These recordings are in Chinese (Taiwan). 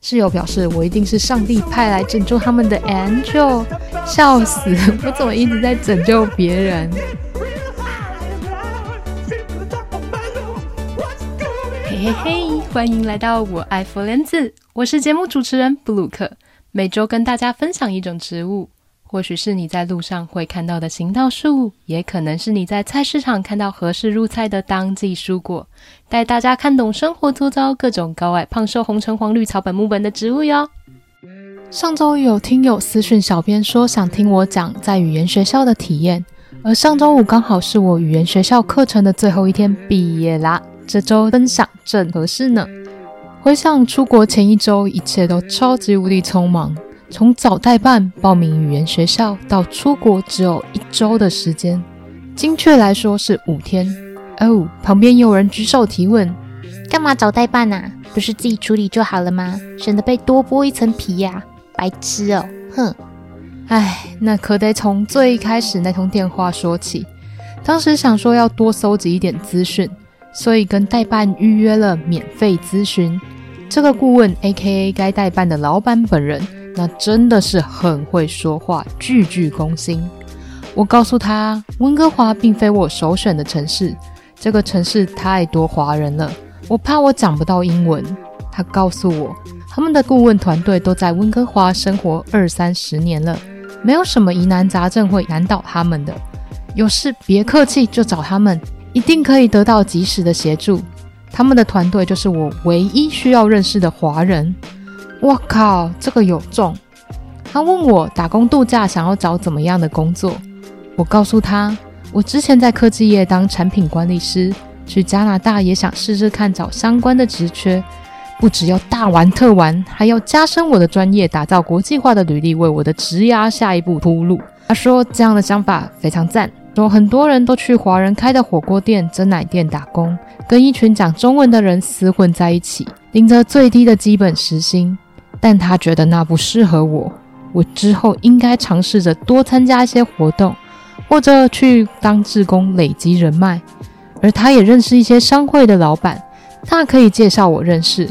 室友表示：“我一定是上帝派來拯救他們的 angel。”笑死，我怎麼一直在拯救別人？嘿嘿嘿，歡迎來到我愛 my friends，我是節目主持人布魯克，每周跟大家分享一種植物。或許是你在路上會看到的行道樹，也可能是你在菜市場看到合適入菜的當季蔬果。帶大家看懂生活周遭各種高矮胖瘦紅橙黃綠草本木本的植物喲。上周有聽友私訊小編說想聽我講在語言學校的體驗，而上周五剛好是我語言學校課程的最後一天，畢業啦！這周分享正合適呢。回想出國前一周，一切都超級無力、匆忙。從找代辦報名語言學校到出國只有一周的時間，精確來說是五天哦。旁邊有人舉手提問：“幹嘛找代辦啊？不是自己處理就好了嗎？省得被多剝一層皮呀，啊！”白痴哦，哼！哎，那可得從最一開始那通電話說起。當時想說要多蒐集一點資訊，所以跟代辦預約了免費諮詢。這個顧問 A.K.A 該代辦的老板本人。那真的是很會說話，句句攻心。我告訴他，溫哥華並非我首選的城市，這個城市太多華人了，我怕我講不到英文。他告訴我，他們的顧問團隊都在溫哥華生活二三十年了，沒有什麼疑難雜症會難倒他們的。有事別客氣，就找他們，一定可以得到及時的協助。他們的團隊就是我唯一需要認識的華人。我靠，這個有中！他問我打工度假想要找怎麼樣的工作，我告訴他，我之前在科技業當產品管理師，去加拿大也想試試看找相關的職缺。不只要大玩特玩，還要加深我的專業，打造國際化的履歷，為我的職涯下一步鋪路。他說，這樣的想法非常讚。說很多人都去華人開的火鍋店、珍奶店打工，跟一群講中文的人廝混在一起，領着最低的基本時薪。但他覺得那不適合我，我之後應該嘗試着多參加一些活動，或者去當志工累積人脈。而他也認識一些商會的老板，他可以介紹我認識。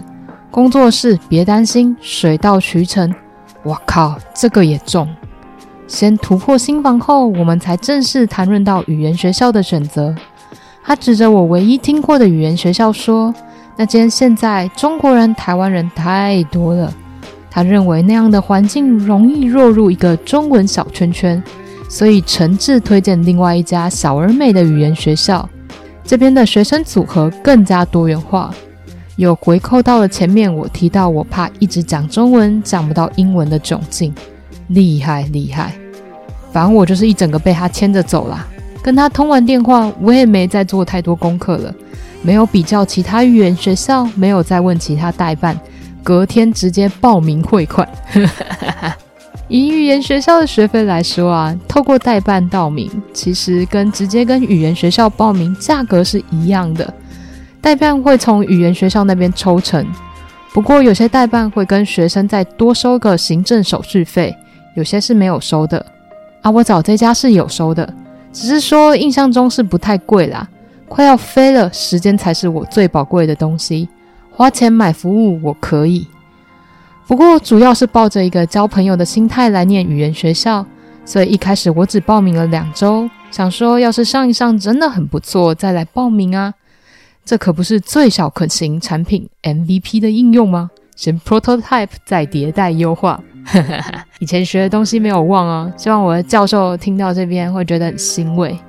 工作室別擔心，水到渠成。哇靠，這個也重。先突破心防後，我們才正式談論到語言學校的選擇。他指着我唯一聽過的語言學校說：“那間現在中國人、台灣人太多了。”他認為那樣的環境容易落入一個中文小圈圈，所以誠摯推薦另外一家小而美的語言學校。這邊的學生組合更加多元化，有回扣到了前面我提到我怕一直講中文講不到英文的窘境，厲害厲害！反正我就是一整個被他牽着走啦。跟他通完電話，我也沒再做太多功課了，沒有比較其他語言學校，沒有再問其他代辦。隔天直接報名匯款。 以語言學校的學費來說啊，透過代辦報名，其實跟直接跟語言學校報名價格是一樣的。代辦會從語言學校那邊抽成，不過有些代辦會跟學生再多收個行政手續費，有些是沒有收的。啊，我找這家是有收的，只是說印象中是不太貴啦。快要飛了，時間才是我最寶貴的東西。花錢買服務，我可以。不過主要是抱着一個交朋友的心態來念語言學校，所以一開始我只報名了兩周，想說要是上一上真的很不錯，再來報名啊。這可不是最小可行產品 MVP 的應用嗎？先 prototype 再迭代優化。 以前學的東西沒有忘哦、啊，希望我的教授聽到這邊會覺得很欣慰。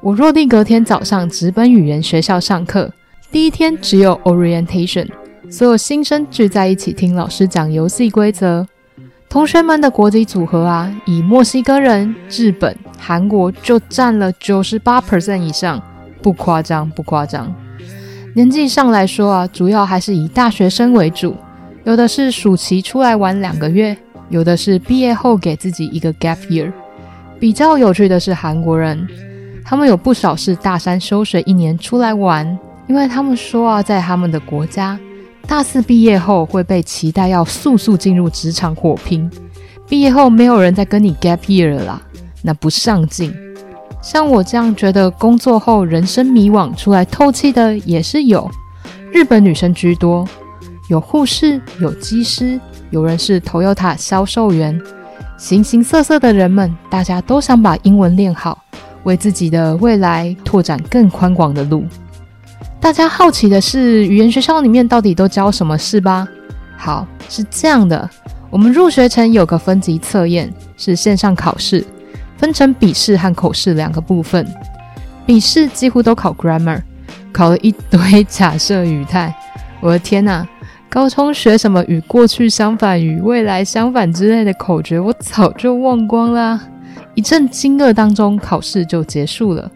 我落地隔天早上直奔語言學校上課。第一天只有 orientation，所有新生聚在一起聽老師講遊戲規則。同學們的國籍組合啊，以墨西哥人、日本、韓國就佔了九十八 percent 以上，不誇張不誇張。年紀上來說啊，主要還是以大學生為主，有的是暑期出來玩兩個月，有的是畢業後給自己一個 gap year。比較有趣的是韓國人，他們有不少是大三休學一年出來玩。因為他們說啊，在他們的國家，大四畢業後會被期待要速速進入職場火拼，畢業後沒有人再跟你 gap year 了啦，那不上進。像我這樣覺得工作後人生迷惘，出來透氣的也是有，日本女生居多，有護士，有技師，有人是 Toyota 銷售員，形形色色的人們，大家都想把英文練好，為自己的未來拓展更寬廣的路。大家好奇的是，語言學校裡面到底都教什麼是吧？好，是這樣的，我們入學前有個分級測驗，是線上考試，分成筆試和口試兩個部分。筆試幾乎都考 grammar，考了一堆假設語態。我的天哪、啊，高中學什麼與過去相反、與未來相反之類的口訣，我早就忘光啦、啊。一陣驚愕當中，考試就結束了。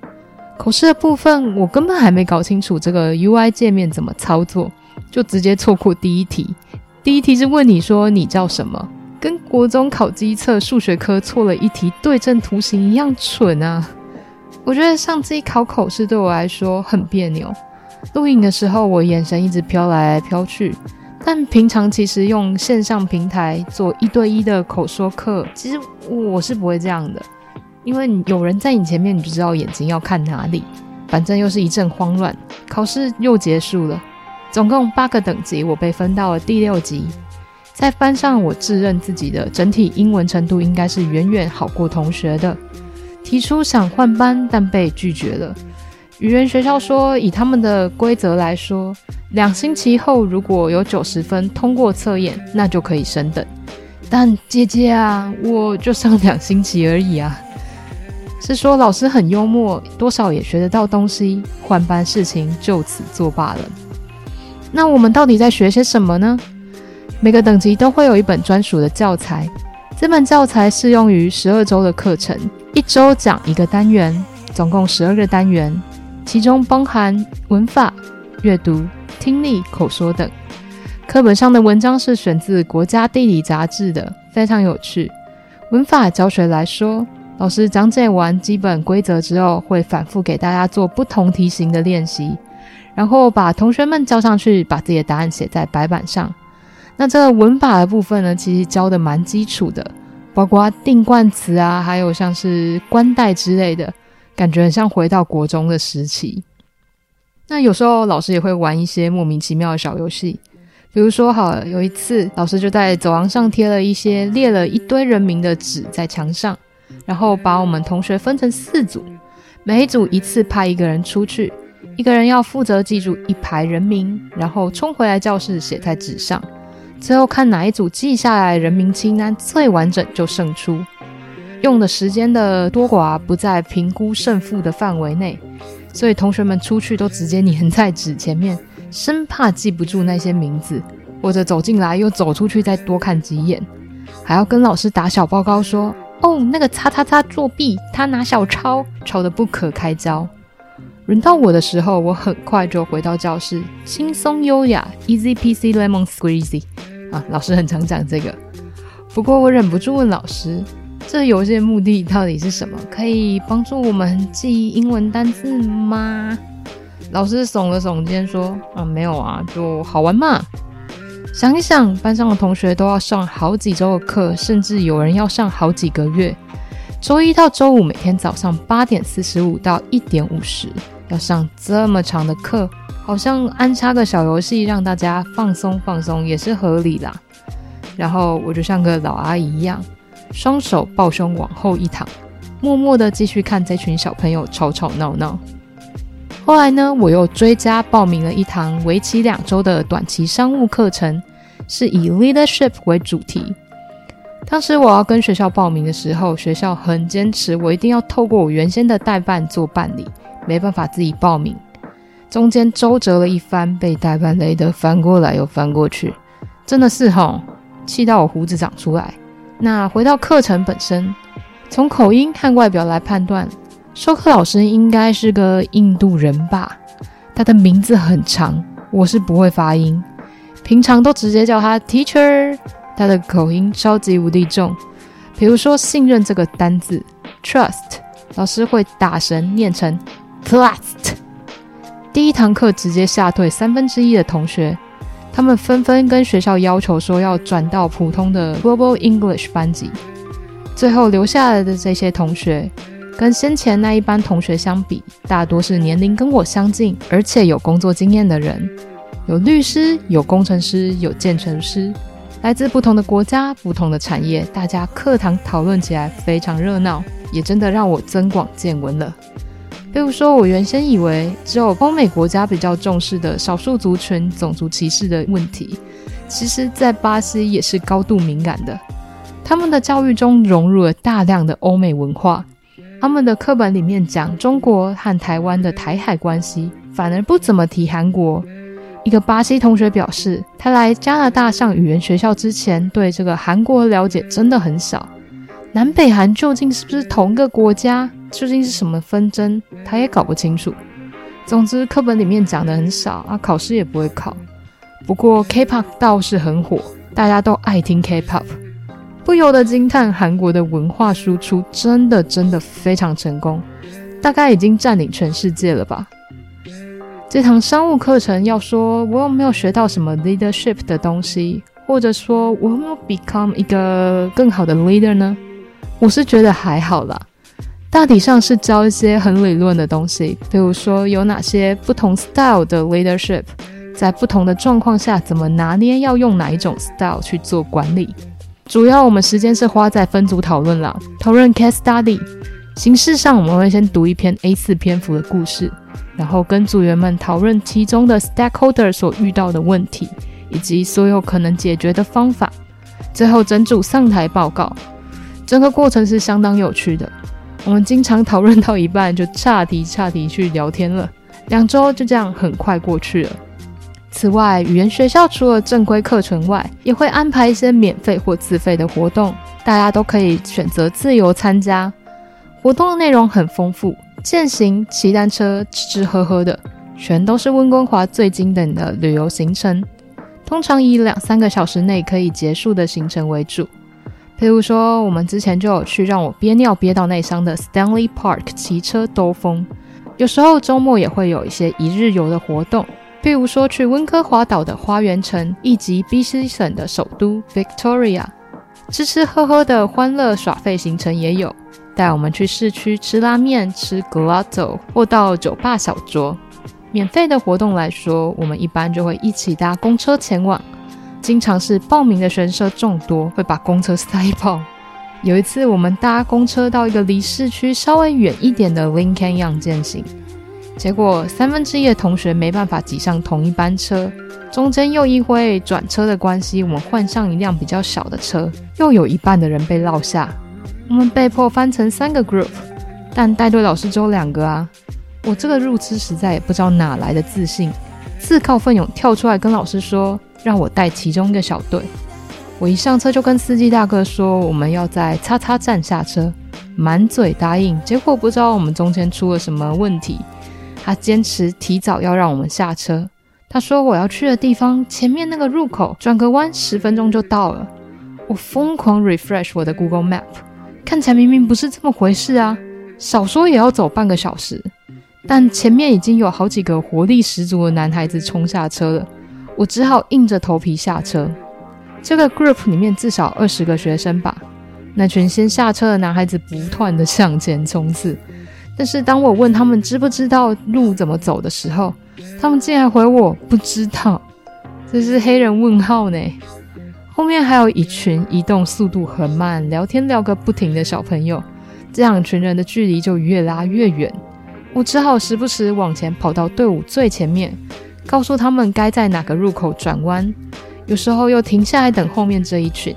口試的部分，我根本還沒搞清楚這個 UI 界面怎麼操作，就直接錯過第一題。第一題是問你說你叫什麼，跟國中考基測數學科錯了一題對稱圖形一樣蠢啊！我覺得上機考口試對我來說很別扭。錄影的時候我眼神一直飄來飄去，但平常其實用線上平台做一對一的口說課，其實我是不會這樣的。因為有人在你前面，你就知道眼睛要看哪裡，反正又是一陣慌亂。考試又結束了，總共八個等級，我被分到了第六級。在班上，我自認自己的整體英文程度應該是遠遠好過同學的。提出想換班，但被拒絕了。語言學校說，以他們的規則來說，兩星期後如果有九十分通過測驗，那就可以升等。但姐姐啊，我就上兩星期而已啊。是說老師很幽默，多少也學得到東西。換班事情就此作罷了。那我們到底在學些什麼呢？每個等級都會有一本專屬的教材，這本教材適用於十二周的課程，一周講一個單元，總共十二個單元，其中包含文法、閱讀、聽力、口說等。課本上的文章是選自《國家地理》雜誌的，非常有趣。文法教學來說，老師講解完基本規則之後，會反覆給大家做不同題型的練習，然後把同學們叫上去，把自己的答案寫在白板上。那這個文法的部分呢，其實教的蠻基礎的，包括定冠詞啊，還有像是冠帶之類的，感覺很像回到國中的時期。那有時候老師也會玩一些莫名其妙的小遊戲，比如說好，好有一次老師就在走廊上貼了一些列了一堆人名的紙在牆上。然後把我們同學分成四組，每一組一次派一個人出去，一個人要負責記住一排人名，然後衝回來教室寫在紙上，最後看哪一組記下來人名清單最完整就勝出。用的時間的多寡不在評估勝負的範圍內，所以同學們出去都直接粘在紙前面，生怕記不住那些名字，或者走進來又走出去再多看幾眼，還要跟老師打小報告說。哦，oh, 那個叉叉叉作弊，他拿小抄，抄得不可開交。輪到我的時候，我很快就回到教室，輕鬆優雅，Easy Peasy Lemon Squeezy。啊，老師很常講這個。不過我忍不住問老師，這遊戲的目的到底是什麼？可以幫助我們記英文單字嗎？老師聳了聳肩說：“啊，沒有啊，就好玩嘛。”想一想，班上的同學都要上好幾周的課，甚至有人要上好幾個月。周一到周五，每天早上八點四十五到一點五十，要上這麼長的課，好像安插個小遊戲讓大家放鬆放鬆也是合理啦。然後我就像個老阿姨一樣，雙手抱胸往後一躺，默默地繼續看這群小朋友吵吵鬧鬧。後來呢，我又追加報名了一堂為期兩周的短期商務課程，是以 leadership 為主題。當時我要跟學校報名的時候，學校很堅持我一定要透過我原先的代辦做辦理，沒辦法自己報名。中間週折了一番，被代辦累得翻過來又翻過去，真的是吼，氣到我鬍子長出來。那回到課程本身，從口音和外表來判斷。授課老師應該是個印度人吧，他的名字很長，我是不會發音，平常都直接叫他 Teacher。他的口音超級無敵重，比如說“信任”這個單字 Trust，老師會大聲念成 Trust。第一堂課直接嚇退三分之一的同學，他們紛紛跟學校要求說要轉到普通的 Global English 班級。最後留下來的這些同學。跟先前那一班同學相比，大多是年齡跟我相近，而且有工作經驗的人，有律師，有工程師，有建築師，來自不同的國家、不同的產業，大家課堂討論起來非常熱鬧，也真的讓我增廣見聞了。比如說，我原先以為只有歐美國家比較重視的少數族群、種族歧視的問題，其實在巴西也是高度敏感的，他們的教育中融入了大量的歐美文化。他們的課本裡面講中國和台灣的台海關係，反而不怎麼提韓國。一個巴西同學表示，他來加拿大上語言學校之前，對這個韓國的了解真的很少。南北韓究竟是不是同個國家？究竟是什麼紛爭？他也搞不清楚。總之，課本裡面講的很少啊，考試也不會考。不過 K-pop 倒是很火，大家都愛聽 K-pop。不由得驚嘆，韓國的文化輸出真的真的非常成功，大概已經占領全世界了吧？這堂商務課程要說，我有沒有學到什麼 leadership 的東西，或者說我有沒有 become 一個更好的 leader 呢？我是覺得還好啦，大體上是教一些很理論的東西，比如說有哪些不同 style 的 leadership，在不同的狀況下怎麼拿捏，要用哪一種 style 去做管理。主要我們時間是花在分組討論啦，討論 case study。形式上我們會先讀一篇 A4 篇幅的故事，然後跟組員們討論其中的 stakeholder 所遇到的問題，以及所有可能解決的方法。最後整組上台報告。整個過程是相當有趣的，我們經常討論到一半就岔題岔題去聊天了。兩周就這樣很快過去了。此外，語言學校除了正規課程外，也會安排一些免費或自費的活動，大家都可以選擇自由參加。活動的內容很豐富，健行、騎單車、吃吃喝喝的，全都是溫哥華最經典的旅遊行程。通常以兩三個小時內可以結束的行程為主，比如說我們之前就有去讓我憋尿憋到內傷的 Stanley Park 騎車兜風。有時候周末也會有一些一日遊的活動。譬如說，去溫哥華島的花園城，以及 BC 省的首都 Victoria，吃吃喝喝的歡樂耍廢行程也有。帶我們去市區吃拉麵、吃 gelato，或到酒吧小酌。免費的活動來說，我們一般就會一起搭公車前往。經常是報名的選手眾多，會把公車塞爆。有一次，我們搭公車到一個離市區稍微遠一點的 l a n c o u n e r 健行。結果三分之一的同學沒辦法擠上同一班車，中間又因為轉車的關係，我們換上一輛比較小的車，又有一半的人被落下。我們被迫翻成三個 group，但帶隊老師只有兩個啊！我這個入芝實在也不知道哪來的自信，自告奮勇跳出來跟老師說，讓我帶其中一個小隊。我一上車就跟司機大哥說，我們要在叉叉站下車。滿嘴答應，結果不知道我們中間出了什麼問題。他堅持提早要讓我們下車。他說：“我要去的地方，前面那個入口轉個彎，十分鐘就到了。”我瘋狂 refresh 我的 Google Map，看起來明明不是這麼回事啊！少說也要走半個小時。但前面已經有好幾個活力十足的男孩子衝下車了，我只好硬着頭皮下車。這個 group 裡面至少二十個學生吧。那群先下車的男孩子不斷的向前衝刺。但是當我問他們知不知道路怎麼走的時候，他們竟然回我不知道，這是黑人問號呢。後面還有一群移動速度很慢、聊天聊個不停的小朋友，這兩群人的距離就越拉越遠。我只好時不時往前跑到隊伍最前面，告訴他們該在哪個入口轉彎，有時候又停下來等後面這一群。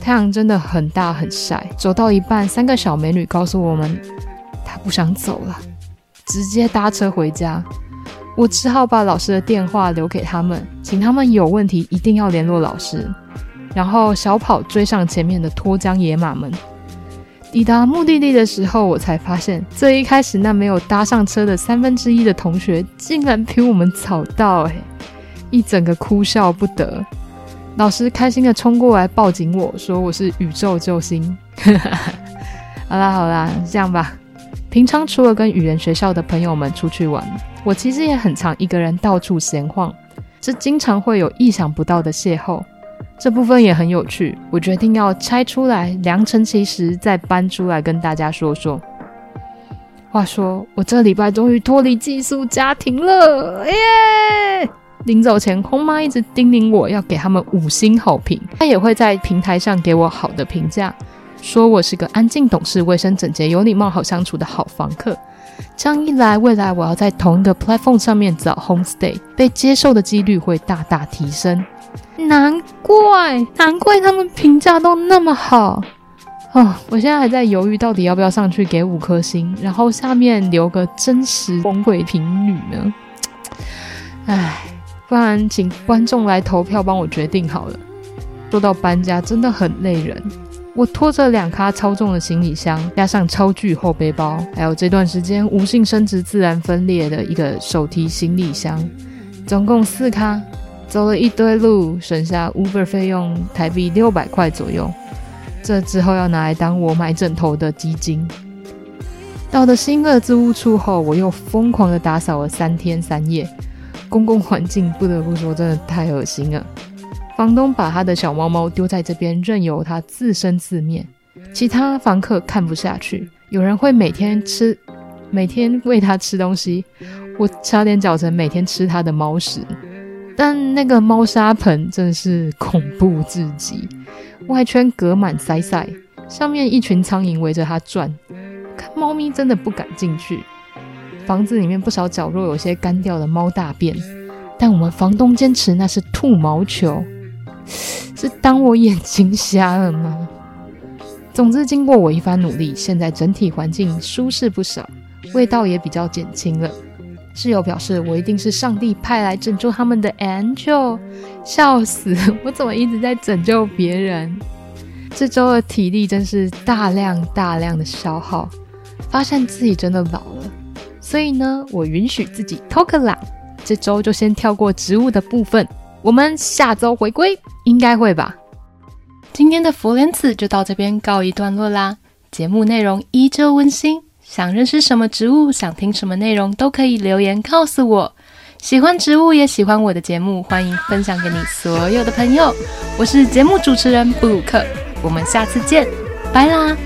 太陽真的很大很曬，走到一半，三個小美女告訴我們。不想走了，直接搭車回家。我只好把老師的電話留給他們，請他們有問題一定要聯絡老師。然後小跑追上前面的脫韁野馬們。抵達目的地的時候，我才發現，最一開始那沒有搭上車的三分之一的同學，竟然比我們早到。欸，一整個哭笑不得。老師開心的衝過來抱緊我說：“我是宇宙救星。”哈哈，好啦好啦，這樣吧。平常除了跟語言學校的朋友們出去玩，我其實也很常一個人到處閒晃，這經常會有意想不到的邂逅。這部分也很有趣，我決定要拆出來。良辰吉時再搬出來跟大家說說。話說我這禮拜終於脫離寄宿家庭了，耶、yeah!！臨走前，空媽一直叮嚀我要給他們五星好評，她也會在平台上給我好的評價。說我是個安靜、懂事、衛生、整潔、有禮貌、好相處的好房客。這樣一來，未來我要在同一個 platform 上面找 homestay，被接受的幾率會大大提升。難怪，難怪他們評價都那麼好。哦，我現在還在猶豫到底要不要上去給五顆星，然後下面留個真實崩潰評語呢？唉，不然請觀眾來投票幫我決定好了。說到搬家，真的很累人。我拖着兩咖超重的行李箱，加上超巨後背包，還有這段時間無性生殖自然分裂的一個手提行李箱，總共四咖，走了一堆路，省下 Uber 費用台幣六百塊左右。這之後要拿來當我買枕頭的基金。到了新租屋處後，我又瘋狂的打掃了三天三夜，公共環境不得不說真的太噁心了。房東把他的小貓貓丟在這邊，任由它自生自滅。其他房客看不下去，有人會每天吃，每天餵它吃東西。我差點早成每天吃它的貓屎，但那個貓砂盆真是恐怖至極，外圈隔滿塞塞，上面一群蒼蠅圍着它轉。看貓咪真的不敢進去。房子裡面不少角落有些乾掉的貓大便，但我們房東堅持那是兔毛球。是當我眼睛瞎了嗎？總之，經過我一番努力，現在整體環境舒適不少，味道也比較減輕了。室友表示我一定是上帝派來拯救他們的 angel，笑死！我怎麼一直在拯救別人？這週的體力真是大量大量的消耗，發現自己真的老了。所以呢，我允許自己偷個懶，這週就先跳過植物的部分。我們下周回歸，應該會吧。今天的佛蓮子就到這邊告一段落啦。節目內容依舊溫馨，想認識什麼植物，想聽什麼內容都可以留言告訴我。喜歡植物也喜歡我的節目，歡迎分享給你所有的朋友。我是節目主持人布魯克，我們下次見，拜啦。